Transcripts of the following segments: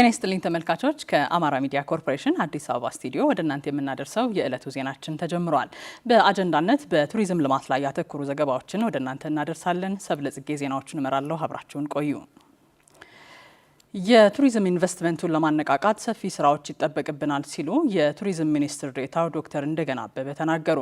ጤና ይስጥልኝ ተመልካቾች፣ ከአማራ ሚዲያ ኮርፖሬሽን አዲስ አበባ ስቱዲዮ ወደ እናንተ የምናደርሰው የዕለቱ ዜናችን ተጀምሯል። በአጀንዳነት በቱሪዝም ልማት ላይ ያተኮሩ ዘገባዎችን ወደ እናንተ እናደርሳለን። ሰብለጽጌ ዜናዎቹን እመራለሁ። አብራችሁን ቆዩ። የቱሪዝም ኢንቨስትመንቱን ለማነቃቃት ሰፊ ስራዎች ይጠበቅብናል ሲሉ የቱሪዝም ሚኒስትር ዴኤታው ዶክተር እንደገና አበበ ተናገሩ።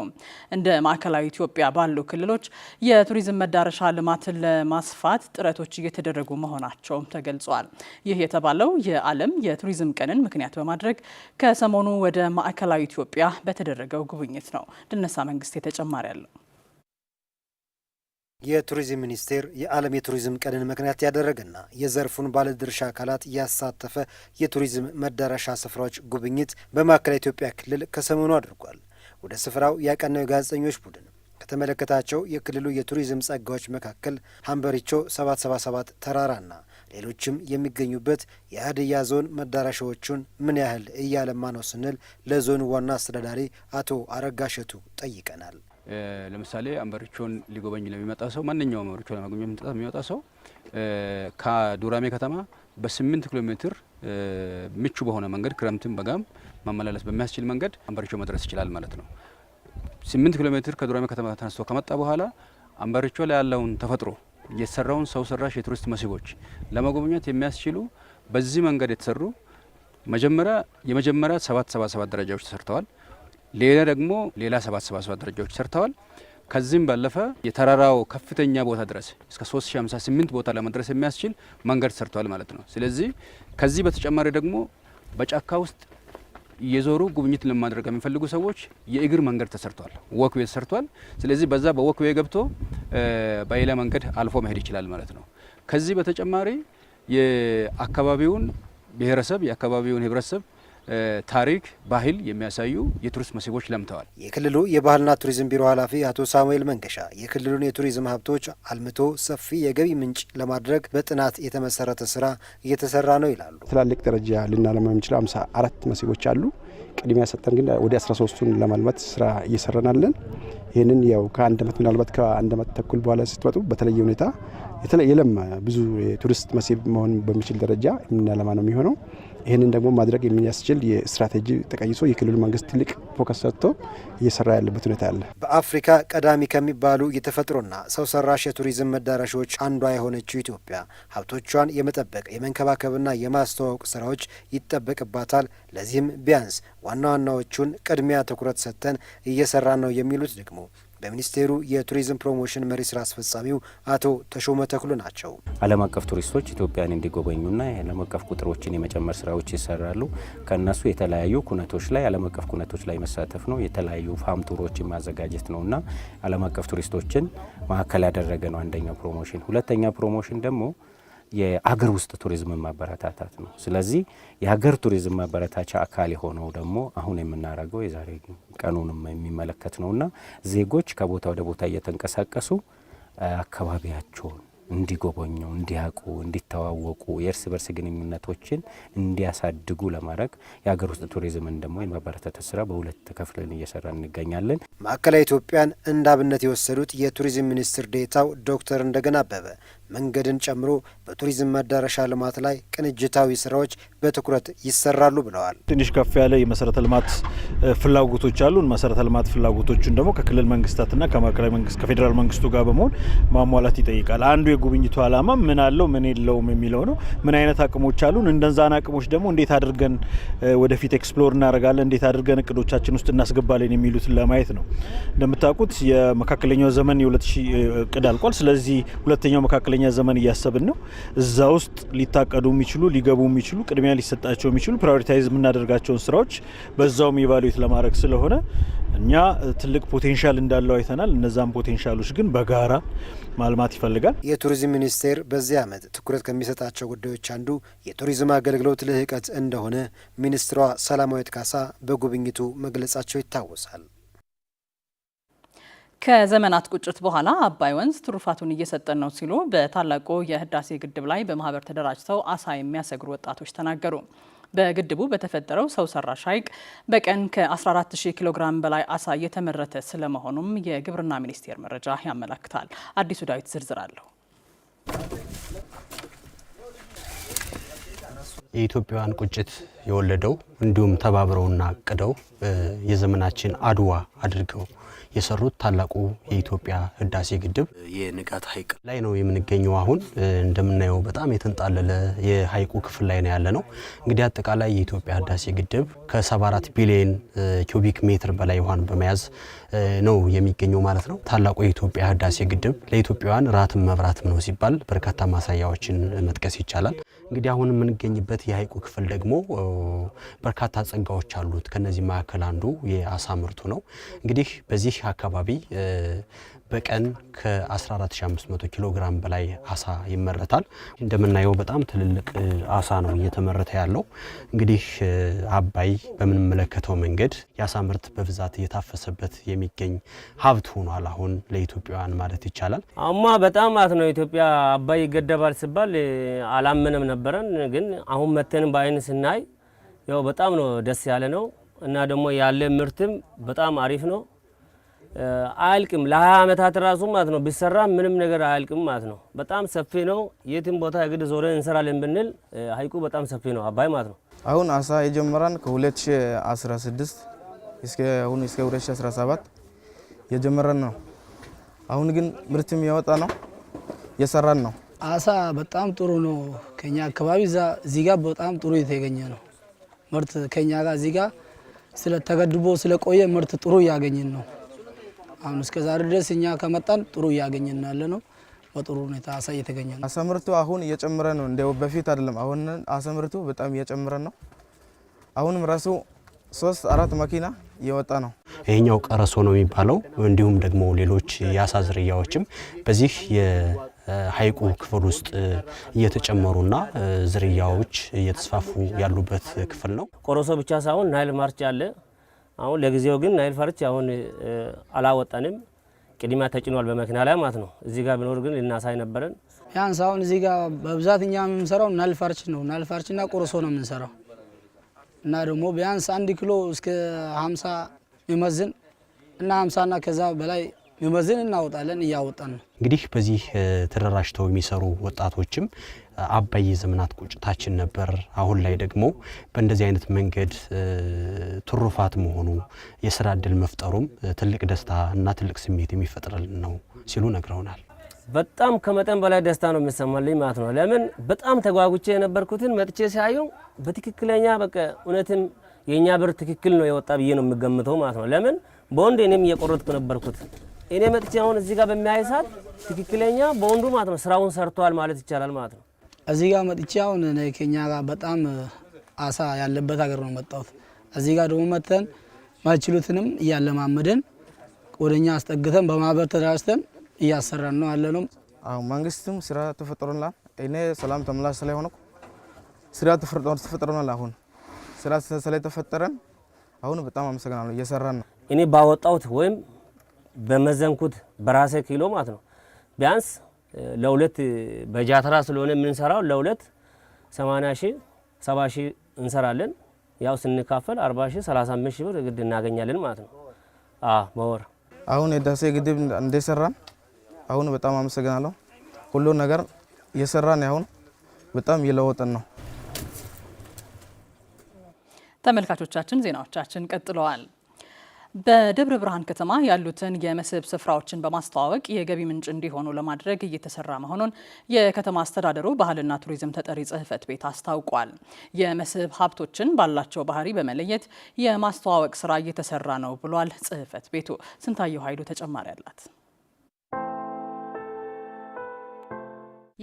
እንደ ማዕከላዊ ኢትዮጵያ ባሉ ክልሎች የቱሪዝም መዳረሻ ልማትን ለማስፋት ጥረቶች እየተደረጉ መሆናቸውም ተገልጿል። ይህ የተባለው የዓለም የቱሪዝም ቀንን ምክንያት በማድረግ ከሰሞኑ ወደ ማዕከላዊ ኢትዮጵያ በተደረገው ጉብኝት ነው። ድነሳ መንግስቴ ተጨማሪ አለው። የቱሪዝም ሚኒስቴር የዓለም የቱሪዝም ቀንን ምክንያት ያደረገና የዘርፉን ባለድርሻ አካላት ያሳተፈ የቱሪዝም መዳረሻ ስፍራዎች ጉብኝት በማዕከላዊ ኢትዮጵያ ክልል ከሰሞኑ አድርጓል። ወደ ስፍራው ያቀናው የጋዜጠኞች ቡድን ከተመለከታቸው የክልሉ የቱሪዝም ጸጋዎች መካከል ሀምበሪቾ 777 ተራራና ሌሎችም የሚገኙበት የሀዲያ ዞን መዳረሻዎቹን ምን ያህል እያለማ ነው ስንል ለዞኑ ዋና አስተዳዳሪ አቶ አረጋሸቱ ጠይቀናል። ለምሳሌ አንበሪቾን ሊጎበኝ ለሚመጣ ሰው ማንኛውም አንበሪቾ ለማግኘት የሚመጣ ሰው ከዱራሜ ከተማ በስምንት ኪሎ ሜትር ምቹ በሆነ መንገድ ክረምትን በጋም ማመላለስ በሚያስችል መንገድ አንበሪቾ መድረስ ይችላል ማለት ነው። ስምንት ኪሎ ሜትር ከዱራሜ ከተማ ተነስቶ ከመጣ በኋላ አንበሪቾ ላይ ያለውን ተፈጥሮ የተሰራውን ሰው ሰራሽ የቱሪስት መስህቦች ለመጎብኘት የሚያስችሉ በዚህ መንገድ የተሰሩ መጀመሪያ የመጀመሪያ ሰባት ሰባ ሰባት ደረጃዎች ተሰርተዋል። ሌላ ደግሞ ሌላ ሰባት ሰባ ሰባት ደረጃዎች ሰርተዋል። ከዚህም ባለፈ የተራራው ከፍተኛ ቦታ ድረስ እስከ 358 ቦታ ለመድረስ የሚያስችል መንገድ ሰርተዋል ማለት ነው። ስለዚህ ከዚህ በተጨማሪ ደግሞ በጫካ ውስጥ እየዞሩ ጉብኝት ለማድረግ የሚፈልጉ ሰዎች የእግር መንገድ ተሰርቷል፣ ወክዌ ተሰርቷል። ስለዚህ በዛ በወክዌ ገብቶ በሌላ መንገድ አልፎ መሄድ ይችላል ማለት ነው። ከዚህ በተጨማሪ የአካባቢውን ብሔረሰብ የአካባቢውን ህብረተሰብ ታሪክ፣ ባህል የሚያሳዩ የቱሪስት መስህቦች ለምተዋል። የክልሉ የባህልና ቱሪዝም ቢሮ ኃላፊ አቶ ሳሙኤል መንገሻ የክልሉን የቱሪዝም ሀብቶች አልምቶ ሰፊ የገቢ ምንጭ ለማድረግ በጥናት የተመሰረተ ስራ እየተሰራ ነው ይላሉ። ትላልቅ ደረጃ ልናለማ የምንችለው አምሳ አራት መስህቦች አሉ። ቅድሚያ ሰጠን ግን ወደ 13ቱን ለማልማት ስራ እየሰራናለን። ይህንን ያው ከአንድ ዓመት ምናልባት ከአንድ ዓመት ተኩል በኋላ ስትመጡ በተለየ ሁኔታ የለም ብዙ የቱሪስት መስህብ መሆን በሚችል ደረጃ የምናለማ ነው የሚሆነው። ይህንን ደግሞ ማድረግ የሚያስችል የስትራቴጂ ተቀይሶ የክልሉ መንግስት ትልቅ ፎከስ ሰጥቶ እየሰራ ያለበት ሁኔታ አለ። በአፍሪካ ቀዳሚ ከሚባሉ የተፈጥሮና ሰው ሰራሽ የቱሪዝም መዳረሻዎች አንዷ የሆነችው ኢትዮጵያ ሀብቶቿን የመጠበቅ የመንከባከብና የማስተዋወቅ ስራዎች ይጠበቅባታል። ለዚህም ቢያንስ ዋና ዋናዎቹን ቅድሚያ ትኩረት ሰጥተን እየሰራ ነው የሚሉት ደግሞ በሚኒስቴሩ የቱሪዝም ፕሮሞሽን መሪ ስራ አስፈጻሚው አቶ ተሾመ ተክሉ ናቸው። ዓለም አቀፍ ቱሪስቶች ኢትዮጵያን እንዲጎበኙና የዓለም አቀፍ ቁጥሮችን የመጨመር ስራዎች ይሰራሉ። ከእነሱ የተለያዩ ኩነቶች ላይ ዓለም አቀፍ ኩነቶች ላይ መሳተፍ ነው። የተለያዩ ፋም ቱሮችን ማዘጋጀት ነው እና ዓለም አቀፍ ቱሪስቶችን ማዕከል ያደረገ ነው አንደኛው ፕሮሞሽን። ሁለተኛ ፕሮሞሽን ደግሞ የአገር ውስጥ ቱሪዝምን ማበረታታት ነው። ስለዚህ የሀገር ቱሪዝም ማበረታቻ አካል የሆነው ደግሞ አሁን የምናደርገው የዛሬ ቀኑንም የሚመለከት ነውና ዜጎች ከቦታ ወደ ቦታ እየተንቀሳቀሱ አካባቢያቸውን እንዲጎበኙ፣ እንዲያውቁ፣ እንዲተዋወቁ የእርስ በርስ ግንኙነቶችን እንዲያሳድጉ ለማድረግ የሀገር ውስጥ ቱሪዝምን ደግሞ የማበረታታት ስራ በሁለት ከፍለን እየሰራ እንገኛለን። ማዕከላዊ ኢትዮጵያን እንደ አብነት የወሰዱት የቱሪዝም ሚኒስትር ዴታው ዶክተር እንደገና አበበ መንገድን ጨምሮ በቱሪዝም መዳረሻ ልማት ላይ ቅንጅታዊ ስራዎች በትኩረት ይሰራሉ ብለዋል። ትንሽ ከፍ ያለ የመሰረተ ልማት ፍላጎቶች አሉን። መሰረተ ልማት ፍላጎቶቹን ደግሞ ከክልል መንግስታትና ከማዕከላዊ መንግስት ከፌዴራል መንግስቱ ጋር በመሆን ማሟላት ይጠይቃል። አንዱ የጉብኝቱ ዓላማ ምን አለው ምን የለውም የሚለው ነው። ምን አይነት አቅሞች አሉን፣ እንደዛን አቅሞች ደግሞ እንዴት አድርገን ወደፊት ኤክስፕሎር እናደርጋለን፣ እንዴት አድርገን እቅዶቻችን ውስጥ እናስገባለን የሚሉትን ለማየት ነው። እንደምታውቁት የመካከለኛው ዘመን የሁለት ቅድ እቅድ አልቋል። ስለዚህ ሁለተኛው መካከለ መካከለኛ ዘመን እያሰብን ነው። እዛ ውስጥ ሊታቀዱ የሚችሉ ሊገቡ የሚችሉ ቅድሚያ ሊሰጣቸው የሚችሉ ፕራዮሪታይዝ የምናደርጋቸውን ስራዎች በዛውም ኢቫሉዌት ለማድረግ ስለሆነ እኛ ትልቅ ፖቴንሻል እንዳለው አይተናል። እነዛን ፖቴንሻሎች ግን በጋራ ማልማት ይፈልጋል። የቱሪዝም ሚኒስቴር በዚህ ዓመት ትኩረት ከሚሰጣቸው ጉዳዮች አንዱ የቱሪዝም አገልግሎት ልህቀት እንደሆነ ሚኒስትሯ ሰላማዊት ካሳ በጉብኝቱ መግለጻቸው ይታወሳል። ከዘመናት ቁጭት በኋላ አባይ ወንዝ ትሩፋቱን እየሰጠን ነው ሲሉ በታላቁ የህዳሴ ግድብ ላይ በማህበር ተደራጅተው አሳ የሚያሰግሩ ወጣቶች ተናገሩ። በግድቡ በተፈጠረው ሰው ሰራሽ ሐይቅ በቀን ከ140 ኪሎ ግራም በላይ አሳ እየተመረተ ስለመሆኑም የግብርና ሚኒስቴር መረጃ ያመላክታል። አዲሱ ዳዊት ዝርዝር አለሁ። የኢትዮጵያውያን ቁጭት የወለደው እንዲሁም ተባብረውና አቅደው የዘመናችን አድዋ አድርገው የሰሩት ታላቁ የኢትዮጵያ ህዳሴ ግድብ የንጋት ሀይቅ ላይ ነው የምንገኘው። አሁን እንደምናየው በጣም የተንጣለለ የሀይቁ ክፍል ላይ ነው ያለ ነው። እንግዲህ አጠቃላይ የኢትዮጵያ ህዳሴ ግድብ ከ74 ቢሊዮን ኪዩቢክ ሜትር በላይ ውሃን በመያዝ ነው የሚገኘው ማለት ነው። ታላቁ የኢትዮጵያ ህዳሴ ግድብ ለኢትዮጵያውያን ራትም መብራትም ነው ሲባል በርካታ ማሳያዎችን መጥቀስ ይቻላል። እንግዲህ አሁን የምንገኝበት የሀይቁ ክፍል ደግሞ በርካታ ጸጋዎች አሉት። ከነዚህ መካከል አንዱ የአሳ ምርቱ ነው። እንግዲህ በዚህ እዚህ አካባቢ በቀን ከ14500 ኪሎ ግራም በላይ አሳ ይመረታል። እንደምናየው በጣም ትልልቅ አሳ ነው እየተመረተ ያለው። እንግዲህ አባይ በምንመለከተው መንገድ የአሳ ምርት በብዛት እየታፈሰበት የሚገኝ ሀብት ሆኗል አሁን ለኢትዮጵያውያን ማለት ይቻላል። አማ በጣም አት ነው ኢትዮጵያ አባይ ይገደባል ሲባል አላመንም ነበረን፣ ግን አሁን መተን በአይን ስናይ ያው በጣም ነው ደስ ያለ ነው እና ደግሞ ያለ ምርትም በጣም አሪፍ ነው። አያልቅም። ለሀያ ዓመታት ራሱ ማለት ነው ቢሰራ ምንም ነገር አያልቅም ማለት ነው። በጣም ሰፊ ነው። የትም ቦታ እግድ ዞረን እንሰራለን ብንል ሀይቁ በጣም ሰፊ ነው፣ አባይ ማለት ነው። አሁን አሳ የጀመረን ከ2016 እስከ አሁን እስከ 2017 የጀመረን ነው። አሁን ግን ምርትም ያወጣ ነው የሰራን ነው። አሳ በጣም ጥሩ ነው። ከኛ አካባቢ እዚህ በጣም ጥሩ የተገኘ ነው ምርት ከኛ ጋር ዚጋ ስለተገድቦ ስለቆየ ምርት ጥሩ እያገኘን ነው። አሁን እስከ ዛሬ ድረስ እኛ ከመጣን ጥሩ እያገኘን ያለ ነው። በጥሩ ሁኔታ አሳ እየተገኘ ነው። አሰምርቱ አሁን እየጨመረ ነው። እንደው በፊት አይደለም። አሁን አሰምርቱ በጣም እየጨመረ ነው። አሁንም ራሱ ሶስት አራት መኪና እየወጣ ነው። ይሄኛው ቀረሶ ነው የሚባለው። እንዲሁም ደግሞ ሌሎች የአሳ ዝርያዎችም በዚህ ሀይቁ ክፍል ውስጥ እየተጨመሩና ዝርያዎች እየተስፋፉ ያሉበት ክፍል ነው። ቆሮሶ ብቻ ሳይሆን ናይል ማርች አለ። አሁን ለጊዜው ግን ናይል ፈርች አሁን አላወጣንም። ቅድሚያ ተጭኗል በመኪና ላይ ማለት ነው። እዚህ ጋር ቢኖር ግን ልናሳይ ነበረን። ያንስ አሁን እዚህ ጋር በብዛት እኛ የምንሰራው ናይል ፈርች ነው። ናይል ፈርች ፈርችና ቁርሶ ነው የምንሰራው እና ደግሞ ቢያንስ አንድ ኪሎ እስከ ሀምሳ ይመዝን እና ሀምሳ ሀምሳና ከዛ በላይ ሚመዝን እናወጣለን እያወጣን ነው። እንግዲህ በዚህ ተደራጅተው የሚሰሩ ወጣቶችም አባይ ዘመናት ቁጭታችን ነበር፣ አሁን ላይ ደግሞ በእንደዚህ አይነት መንገድ ትሩፋት መሆኑ የስራ እድል መፍጠሩም ትልቅ ደስታ እና ትልቅ ስሜት የሚፈጥርልን ነው ሲሉ ነግረውናል። በጣም ከመጠን በላይ ደስታ ነው የሚሰማልኝ ማለት ነው። ለምን በጣም ተጓጉቼ የነበርኩትን መጥቼ ሲያዩ በትክክለኛ በቃ እውነትም የእኛ ብር ትክክል ነው የወጣ ብዬ ነው የምገምተው ማለት ነው። ለምን በወንድ እኔም እየቆረጥኩ ነበርኩት እኔ መጥቼ አሁን እዚህ ጋር በሚያይሳት ትክክለኛ በወንዱ ማለት ነው ስራውን ሰርቷል ማለት ይቻላል ማለት ነው። እዚህ ጋር መጥቼ አሁን እኔ ከኛ ጋር በጣም አሳ ያለበት ሀገር ነው መጣሁት። እዚህ ጋር ደግሞ መጥተን ማይችሉትንም እያለማመደን ወደኛ አስጠግተን በማህበር ተደራጅተን እያሰራን ነው አለ ነው። መንግስትም ስራ ተፈጥሮናል። እኔ ሰላም ተመላሽ ስለሆነ ስራ ተፈጥሮናል። አሁን ስራ ስለተፈጠረን አሁን በጣም አመሰግናለሁ። እየሰራን ነው እኔ ባወጣሁት ወይም በመዘንኩት በራሴ ኪሎ ማለት ነው ቢያንስ ለሁለት በጃትራ ስለሆነ የምንሰራው ለሁለት 80 ሺ 7 ሺ እንሰራለን። ያው ስንካፈል 4 ሺ 35 ብር ግድ እናገኛለን ማለት ነው በወር። አሁን የዳሴ ግድብ እንደሰራን አሁን በጣም አመሰግናለሁ። ሁሉ ነገር የሰራን አሁን በጣም የለወጥን ነው። ተመልካቾቻችን ዜናዎቻችን ቀጥለዋል። በደብረ ብርሃን ከተማ ያሉትን የመስህብ ስፍራዎችን በማስተዋወቅ የገቢ ምንጭ እንዲሆኑ ለማድረግ እየተሰራ መሆኑን የከተማ አስተዳደሩ ባህልና ቱሪዝም ተጠሪ ጽህፈት ቤት አስታውቋል። የመስህብ ሀብቶችን ባላቸው ባህሪ በመለየት የማስተዋወቅ ስራ እየተሰራ ነው ብሏል ጽህፈት ቤቱ። ስንታየው ኃይሉ ተጨማሪ አላት።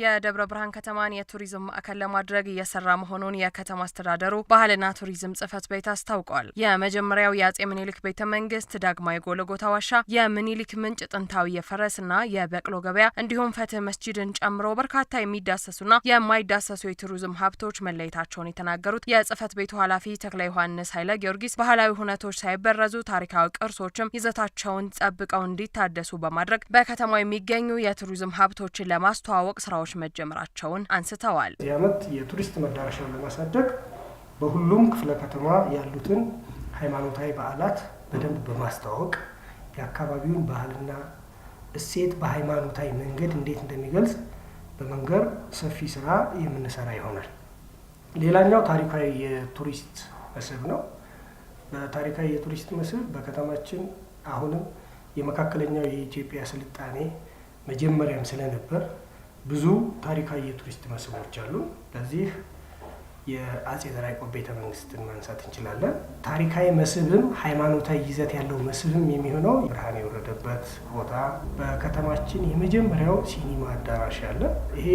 የደብረ ብርሃን ከተማን የቱሪዝም ማዕከል ለማድረግ እየሰራ መሆኑን የከተማ አስተዳደሩ ባህልና ቱሪዝም ጽህፈት ቤት አስታውቋል። የመጀመሪያው የአጼ ምኒልክ ቤተ መንግስት፣ ዳግማዊ ጎለጎታ ዋሻ፣ የምኒልክ ምንጭ፣ ጥንታዊ የፈረስና የበቅሎ ገበያ እንዲሁም ፍትህ መስጂድን ጨምሮ በርካታ የሚዳሰሱና የማይዳሰሱ የቱሪዝም ሀብቶች መለየታቸውን የተናገሩት የጽህፈት ቤቱ ኃላፊ ተክለ ዮሐንስ ኃይለ ጊዮርጊስ ባህላዊ ሁነቶች ሳይበረዙ ታሪካዊ ቅርሶችም ይዘታቸውን ጠብቀው እንዲታደሱ በማድረግ በከተማው የሚገኙ የቱሪዝም ሀብቶችን ለማስተዋወቅ ስራ። ስራዎች መጀመራቸውን አንስተዋል። እዚህ ዓመት የቱሪስት መዳረሻውን ለማሳደግ በሁሉም ክፍለ ከተማ ያሉትን ሃይማኖታዊ በዓላት በደንብ በማስተዋወቅ የአካባቢውን ባህልና እሴት በሃይማኖታዊ መንገድ እንዴት እንደሚገልጽ በመንገር ሰፊ ስራ የምንሰራ ይሆናል። ሌላኛው ታሪካዊ የቱሪስት መስህብ ነው። በታሪካዊ የቱሪስት መስህብ በከተማችን አሁንም የመካከለኛው የኢትዮጵያ ስልጣኔ መጀመሪያም ስለነበር ብዙ ታሪካዊ የቱሪስት መስህቦች አሉ። ለዚህ የአጼ ዘርዓያዕቆብ ቤተ መንግስትን ማንሳት እንችላለን። ታሪካዊ መስህብም ሃይማኖታዊ ይዘት ያለው መስህብም የሚሆነው ብርሃን የወረደበት ቦታ በከተማችን የመጀመሪያው ሲኒማ አዳራሽ አለ። ይሄ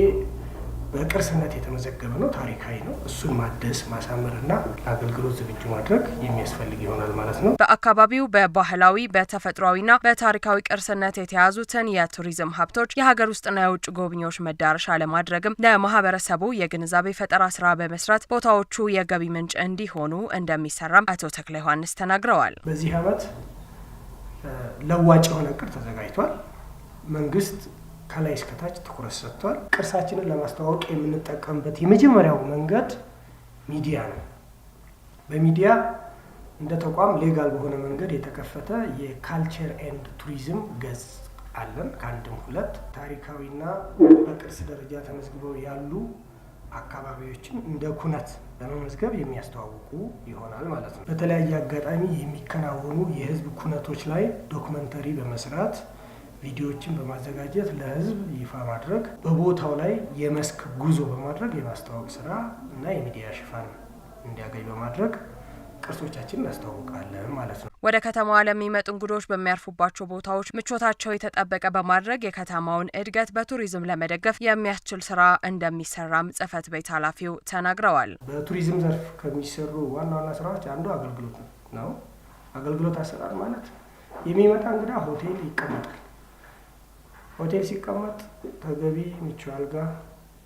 በቅርስነት የተመዘገበ ነው፣ ታሪካዊ ነው። እሱን ማደስ ማሳመርና ለአገልግሎት ዝግጁ ማድረግ የሚያስፈልግ ይሆናል ማለት ነው። በአካባቢው በባህላዊ በተፈጥሯዊና በታሪካዊ ቅርስነት የተያዙትን የቱሪዝም ሀብቶች የሀገር ውስጥና የውጭ ጎብኚዎች መዳረሻ ለማድረግም ለማህበረሰቡ የግንዛቤ ፈጠራ ስራ በመስራት ቦታዎቹ የገቢ ምንጭ እንዲሆኑ እንደሚሰራም አቶ ተክለ ዮሐንስ ተናግረዋል። በዚህ አመት ለዋጭ የሆነ እቅድ ተዘጋጅቷል። መንግስት ከላይ እስከታች ትኩረት ሰጥቷል። ቅርሳችንን ለማስተዋወቅ የምንጠቀምበት የመጀመሪያው መንገድ ሚዲያ ነው። በሚዲያ እንደ ተቋም ሌጋል በሆነ መንገድ የተከፈተ የካልቸር ኤንድ ቱሪዝም ገጽ አለን። ከአንድም ሁለት ታሪካዊና በቅርስ ደረጃ ተመዝግበው ያሉ አካባቢዎችን እንደ ኩነት ለመመዝገብ የሚያስተዋውቁ ይሆናል ማለት ነው። በተለያየ አጋጣሚ የሚከናወኑ የህዝብ ኩነቶች ላይ ዶክመንተሪ በመስራት ቪዲዮዎችን በማዘጋጀት ለህዝብ ይፋ ማድረግ፣ በቦታው ላይ የመስክ ጉዞ በማድረግ የማስተዋወቅ ስራ እና የሚዲያ ሽፋን እንዲያገኝ በማድረግ ቅርሶቻችን እናስተዋውቃለን ማለት ነው። ወደ ከተማዋ ለሚመጡ እንግዶች በሚያርፉባቸው ቦታዎች ምቾታቸው የተጠበቀ በማድረግ የከተማውን እድገት በቱሪዝም ለመደገፍ የሚያስችል ስራ እንደሚሰራም ጽህፈት ቤት ኃላፊው ተናግረዋል። በቱሪዝም ዘርፍ ከሚሰሩ ዋና ዋና ስራዎች አንዱ አገልግሎት ነው። አገልግሎት አሰጣጥ ማለት የሚመጣ እንግዳ ሆቴል ይቀመጣል ሆቴል ሲቀመጥ ተገቢ ምቹ አልጋ፣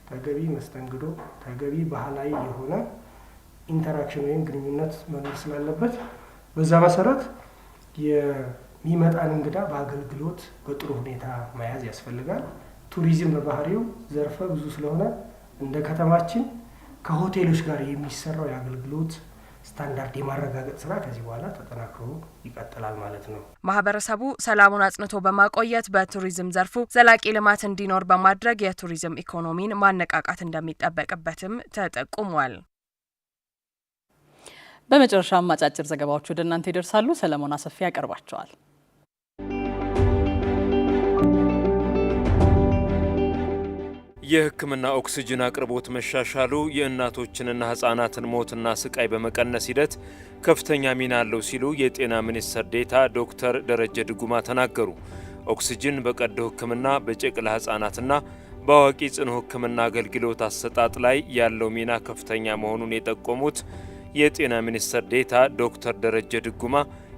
ተገቢ መስተንግዶ፣ ተገቢ ባህላዊ የሆነ ኢንተራክሽን ወይም ግንኙነት መኖር ስላለበት በዛ መሰረት የሚመጣን እንግዳ በአገልግሎት በጥሩ ሁኔታ መያዝ ያስፈልጋል። ቱሪዝም በባህሪው ዘርፈ ብዙ ስለሆነ እንደ ከተማችን ከሆቴሎች ጋር የሚሰራው የአገልግሎት ስታንዳርድ የማረጋገጥ ስራ ከዚህ በኋላ ተጠናክሮ ይቀጥላል ማለት ነው። ማህበረሰቡ ሰላሙን አጽንቶ በማቆየት በቱሪዝም ዘርፉ ዘላቂ ልማት እንዲኖር በማድረግ የቱሪዝም ኢኮኖሚን ማነቃቃት እንደሚጠበቅበትም ተጠቁሟል። በመጨረሻም አጫጭር ዘገባዎች ወደ እናንተ ይደርሳሉ። ሰለሞን አሰፊ ያቀርባቸዋል። የህክምና ኦክስጅን አቅርቦት መሻሻሉ የእናቶችንና ህጻናትን ሞትና ስቃይ በመቀነስ ሂደት ከፍተኛ ሚና አለው ሲሉ የጤና ሚኒስትር ዴታ ዶክተር ደረጀ ድጉማ ተናገሩ። ኦክስጅን በቀዶ ህክምና በጨቅላ ህጻናትና በአዋቂ ጽኑ ህክምና አገልግሎት አሰጣጥ ላይ ያለው ሚና ከፍተኛ መሆኑን የጠቆሙት የጤና ሚኒስትር ዴታ ዶክተር ደረጀ ድጉማ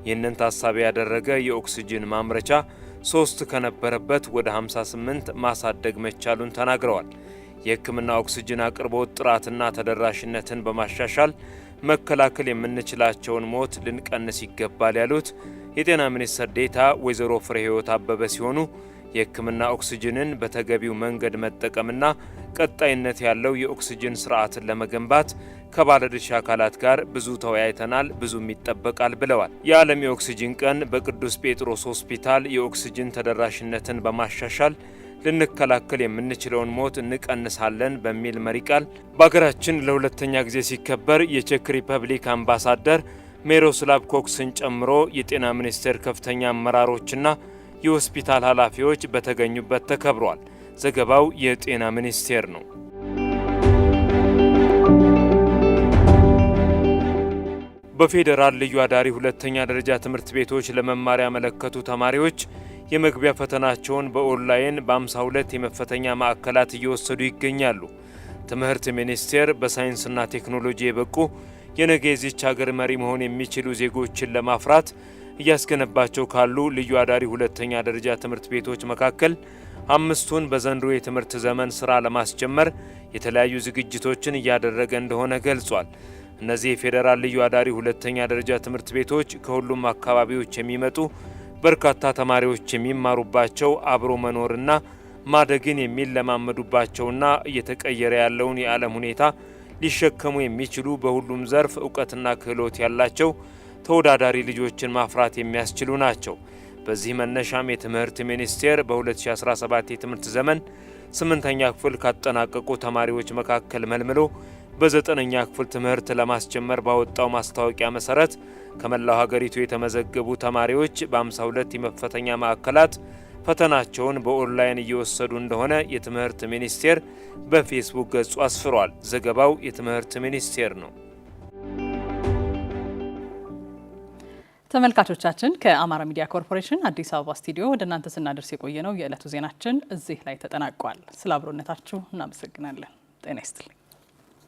ይህንን ታሳቢ ያደረገ የኦክስጅን ማምረቻ ሶስት ከነበረበት ወደ 58 ማሳደግ መቻሉን ተናግረዋል። የሕክምና ኦክስጅን አቅርቦት ጥራትና ተደራሽነትን በማሻሻል መከላከል የምንችላቸውን ሞት ልንቀንስ ይገባል ያሉት የጤና ሚኒስትር ዴታ ወይዘሮ ፍሬ አበበ ሲሆኑ የሕክምና ኦክስጅንን በተገቢው መንገድ መጠቀምና ቀጣይነት ያለው የኦክስጅን ስርዓትን ለመገንባት ከባለድርሻ አካላት ጋር ብዙ ተወያይተናል፣ ብዙም ይጠበቃል ብለዋል። የዓለም የኦክስጅን ቀን በቅዱስ ጴጥሮስ ሆስፒታል የኦክስጅን ተደራሽነትን በማሻሻል ልንከላከል የምንችለውን ሞት እንቀንሳለን በሚል መሪ ቃል በሀገራችን ለሁለተኛ ጊዜ ሲከበር የቼክ ሪፐብሊክ አምባሳደር ሜሮስላቭ ኮክስን ጨምሮ የጤና ሚኒስቴር ከፍተኛ አመራሮችና የሆስፒታል ኃላፊዎች በተገኙበት ተከብሯል። ዘገባው የጤና ሚኒስቴር ነው። በፌዴራል ልዩ አዳሪ ሁለተኛ ደረጃ ትምህርት ቤቶች ለመማር ያመለከቱ ተማሪዎች የመግቢያ ፈተናቸውን በኦንላይን በ52 የመፈተኛ ማዕከላት እየወሰዱ ይገኛሉ። ትምህርት ሚኒስቴር በሳይንስና ቴክኖሎጂ የበቁ የነገ የዚች ሀገር መሪ መሆን የሚችሉ ዜጎችን ለማፍራት እያስገነባቸው ካሉ ልዩ አዳሪ ሁለተኛ ደረጃ ትምህርት ቤቶች መካከል አምስቱን በዘንድሮ የትምህርት ዘመን ስራ ለማስጀመር የተለያዩ ዝግጅቶችን እያደረገ እንደሆነ ገልጿል። እነዚህ የፌዴራል ልዩ አዳሪ ሁለተኛ ደረጃ ትምህርት ቤቶች ከሁሉም አካባቢዎች የሚመጡ በርካታ ተማሪዎች የሚማሩባቸው አብሮ መኖርና ማደግን የሚለማመዱባቸውና እየተቀየረ ያለውን የዓለም ሁኔታ ሊሸከሙ የሚችሉ በሁሉም ዘርፍ እውቀትና ክህሎት ያላቸው ተወዳዳሪ ልጆችን ማፍራት የሚያስችሉ ናቸው። በዚህ መነሻም የትምህርት ሚኒስቴር በ2017 የትምህርት ዘመን ስምንተኛ ክፍል ካጠናቀቁ ተማሪዎች መካከል መልምሎ በዘጠነኛ ክፍል ትምህርት ለማስጀመር ባወጣው ማስታወቂያ መሰረት ከመላው ሀገሪቱ የተመዘገቡ ተማሪዎች በ52 የመፈተኛ ማዕከላት ፈተናቸውን በኦንላይን እየወሰዱ እንደሆነ የትምህርት ሚኒስቴር በፌስቡክ ገጹ አስፍሯል። ዘገባው የትምህርት ሚኒስቴር ነው። ተመልካቾቻችን ከአማራ ሚዲያ ኮርፖሬሽን አዲስ አበባ ስቱዲዮ ወደ እናንተ ስናደርስ የቆየ ነው የዕለቱ ዜናችን እዚህ ላይ ተጠናቋል። ስለ አብሮነታችሁ እናመሰግናለን። ጤና ይስጥልኝ።